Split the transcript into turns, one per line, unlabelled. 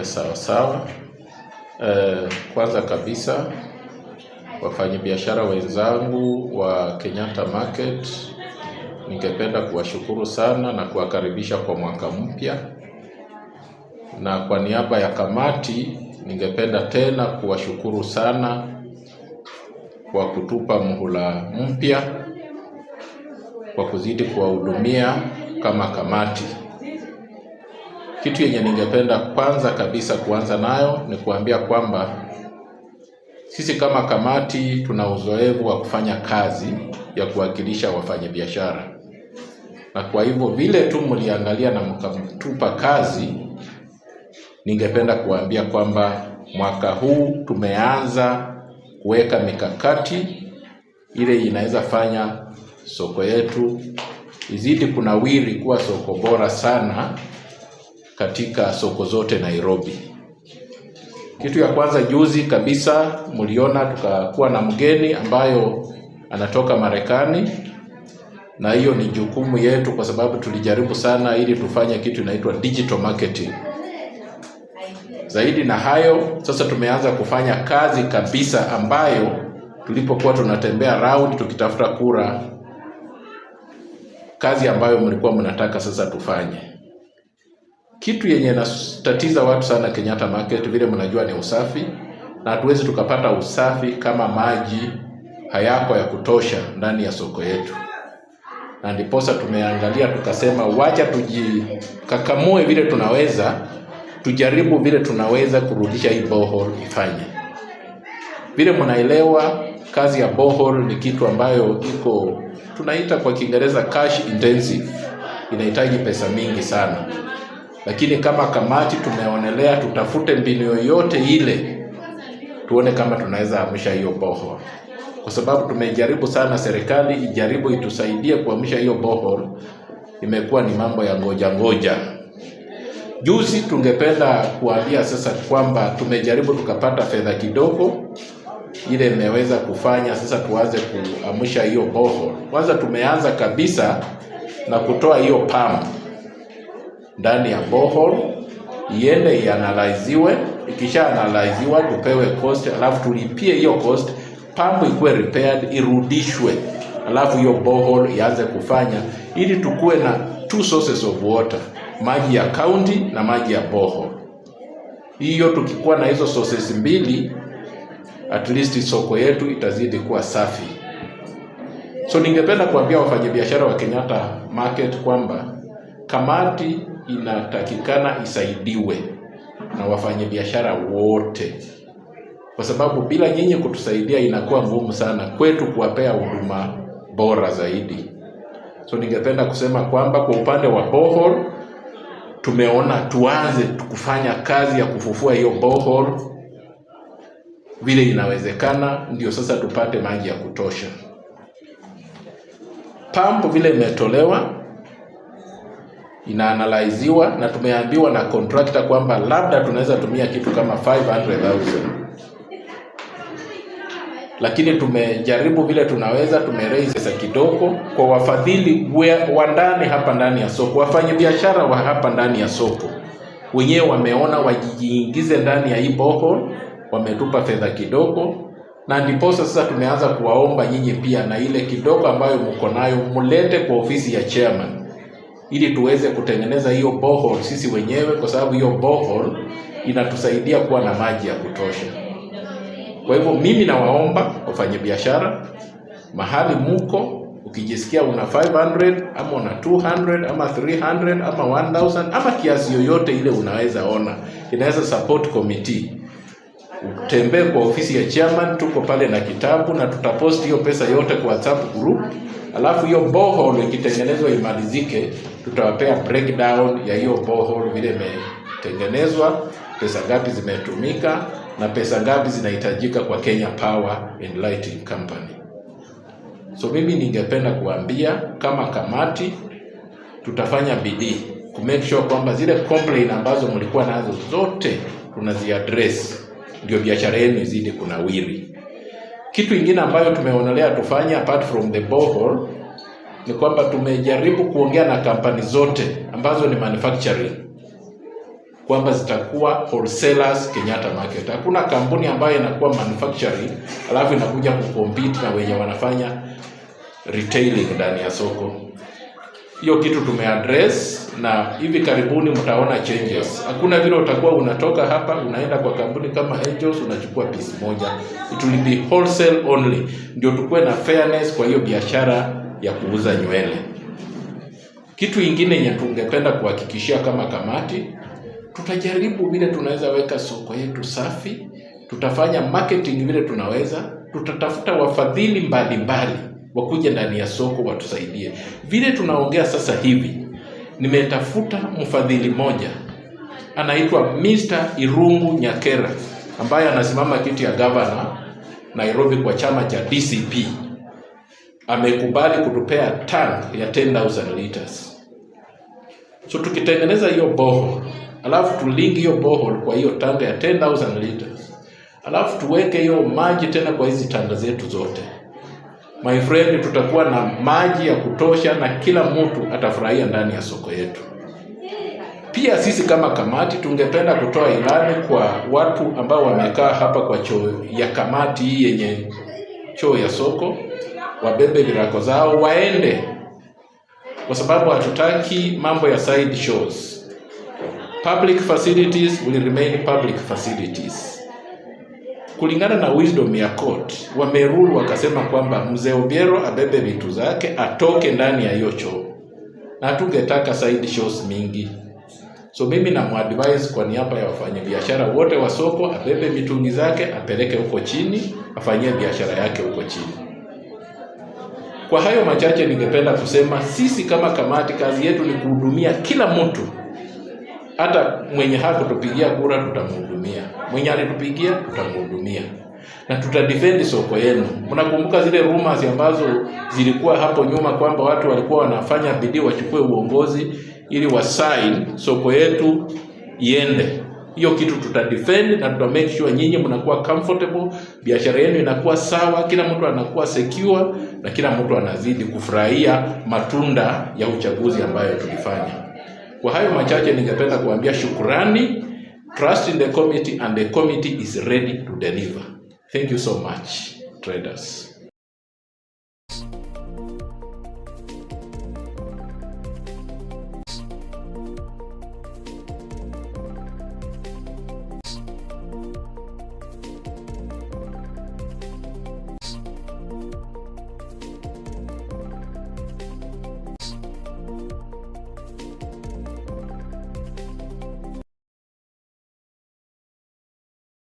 ya sawasawa. Eh, kwanza kabisa, wafanyabiashara wenzangu wa Kenyatta Market, ningependa kuwashukuru sana na kuwakaribisha kwa mwaka mpya, na kwa niaba ya kamati ningependa tena kuwashukuru sana kwa kutupa muhula mpya, kwa kuzidi kuwahudumia kama kamati. Kitu yenye ningependa kwanza kabisa kuanza nayo ni kuambia kwamba sisi kama kamati tuna uzoefu wa kufanya kazi ya kuwakilisha wafanyabiashara, na kwa hivyo vile tu mliangalia na mkamtupa kazi, ningependa kuambia kwamba mwaka huu tumeanza kuweka mikakati ile inaweza fanya soko yetu izidi kunawiri kuwa soko bora sana katika soko zote Nairobi. Kitu ya kwanza, juzi kabisa mliona tukakuwa na mgeni ambayo anatoka Marekani, na hiyo ni jukumu yetu, kwa sababu tulijaribu sana ili tufanye kitu inaitwa digital marketing. Zaidi na hayo, sasa tumeanza kufanya kazi kabisa ambayo tulipokuwa tunatembea round tukitafuta kura, kazi ambayo mlikuwa mnataka sasa tufanye. Kitu yenye inatatiza watu sana Kenyatta Market, vile mnajua, ni usafi, na hatuwezi tukapata usafi kama maji hayako ya kutosha ndani ya soko yetu, na ndiposa tumeangalia tukasema, wacha tujikakamue vile tunaweza, tujaribu vile tunaweza kurudisha hii borehole ifanye vile. Mnaelewa kazi ya borehole ni kitu ambayo iko tunaita kwa Kiingereza cash intensive, inahitaji pesa mingi sana lakini kama kamati tumeonelea tutafute mbinu yoyote ile, tuone kama tunaweza amsha hiyo bohol kwa sababu tumejaribu sana, serikali ijaribu itusaidie kuamsha hiyo bohol imekuwa ni mambo ya ngoja ngoja. Juzi tungependa kuambia sasa kwamba tumejaribu tukapata fedha kidogo ile imeweza kufanya sasa tuanze kuamsha hiyo boho. Kwanza tumeanza kabisa na kutoa hiyo pamu ndani ya bohol iende ianaliziwe, ikisha analiziwa tupewe cost, alafu tulipie hiyo cost, pump ikuwe repaired, irudishwe, alafu hiyo bohol ianze kufanya, ili tukuwe na two sources of water, maji ya county na maji ya bohol. Hiyo tukikuwa na hizo sources mbili, at least soko yetu itazidi kuwa safi. So ningependa kuambia wafanyabiashara wa Kenyatta Market kwamba kamati inatakikana isaidiwe na wafanyabiashara wote, kwa sababu bila nyinyi kutusaidia inakuwa ngumu sana kwetu kuwapea huduma bora zaidi. So ningependa kusema kwamba kwa upande wa bohol tumeona tuanze kufanya kazi ya kufufua hiyo bohol vile inawezekana, ndio sasa tupate maji ya kutosha. Pampu vile imetolewa inaanaliziwa na tumeambiwa na contractor kwamba labda tunaweza tumia kitu kama 500,000 lakini tumejaribu vile tunaweza, tumeraise pesa kidogo kwa wafadhili wa ndani hapa ndani ya soko, wafanyabiashara wa hapa ndani ya soko wenyewe wameona wajiingize ndani ya hii boho, wametupa fedha kidogo, na ndipo sasa tumeanza kuwaomba nyinyi pia, na ile kidogo ambayo mko nayo mlete kwa ofisi ya chairman ili tuweze kutengeneza hiyo borehole sisi wenyewe, kwa sababu hiyo borehole inatusaidia kuwa na maji ya kutosha. Kwa hivyo mimi nawaomba biashara mahali muko, ukijisikia una 500 ama una 200 ama 300 ama 1000 ama kiasi yoyote ile unaweza ona, inaweza support committee utembee kwa ofisi ya chairman, tuko pale na kitabu na tutapost hiyo pesa yote kwa WhatsApp group, alafu hiyo borehole ikitengenezwa imalizike tutawapea breakdown ya hiyo borehole vile imetengenezwa, pesa ngapi zimetumika na pesa ngapi zinahitajika kwa Kenya Power and Lighting Company. So mimi ningependa kuambia kama kamati, tutafanya bidii ku make sure kwamba zile complaint ambazo mlikuwa nazo zote address, ndio biashara yenu izidi kunawiri. Kitu ingine ambayo tumeonelea tufanye apart from the borehole ni kwamba tumejaribu kuongea na kampani zote ambazo ni manufacturing kwamba zitakuwa wholesalers Kenyatta market. Hakuna kampuni ambayo inakuwa manufacturing alafu inakuja kucompete na wenye wanafanya retailing ndani ya soko. Hiyo kitu tumeaddress na hivi karibuni mtaona changes. Hakuna vile utakuwa unatoka hapa unaenda kwa kampuni kama Angels unachukua piece moja. It will be wholesale only, ndio tukuwe na fairness kwa hiyo biashara ya kuuza nywele. Kitu ingine yenye tungependa kuhakikishia kama kamati, tutajaribu vile tunaweza weka soko yetu safi, tutafanya marketing vile tunaweza, tutatafuta wafadhili mbalimbali wakuja ndani ya soko watusaidie. Vile tunaongea sasa hivi, nimetafuta mfadhili moja anaitwa Mr. Irungu Nyakera ambaye anasimama kiti ya governor Nairobi kwa chama cha DCP amekubali kutupea tank ya 10000 liters. So tukitengeneza hiyo boho, alafu tulingi hiyo boho kwa hiyo tank ya 10000 liters, alafu tuweke hiyo maji tena kwa hizi tanga zetu zote, my friend, tutakuwa na maji ya kutosha na kila mtu atafurahia ndani ya soko yetu. Pia sisi kama kamati tungependa kutoa ilani kwa watu ambao wamekaa hapa kwa choo ya kamati hii yenye choo ya soko wabebe virako zao waende, kwa sababu hatutaki mambo ya side shows. Public facilities will remain public facilities. Kulingana na wisdom ya court, wamerulu wakasema kwamba mzee Obiero abebe vitu zake atoke ndani ya hiyo choo, na tungetaka side shows mingi. So mimi namuadvise kwa niaba ya wafanyabiashara wote wa soko, abebe mitungi zake apeleke huko chini, afanyie biashara yake huko chini. Kwa hayo machache, ningependa kusema sisi kama kamati, kazi yetu ni kuhudumia kila mtu. Hata mwenye hakutupigia kura tutamhudumia, mwenye alitupigia tutamhudumia na tutadefend soko yenu. Mnakumbuka zile rumors ambazo zilikuwa hapo nyuma kwamba watu walikuwa wanafanya bidii wachukue uongozi ili wasain soko yetu iende hiyo kitu tuta defend na tuta make sure nyinyi mnakuwa comfortable, biashara yenu inakuwa sawa, kila mtu anakuwa secure na kila mtu anazidi kufurahia matunda ya uchaguzi ambayo tulifanya. Kwa hayo machache, ningependa kuambia shukurani. Trust in the committee and the committee is ready to deliver. Thank you so much, traders.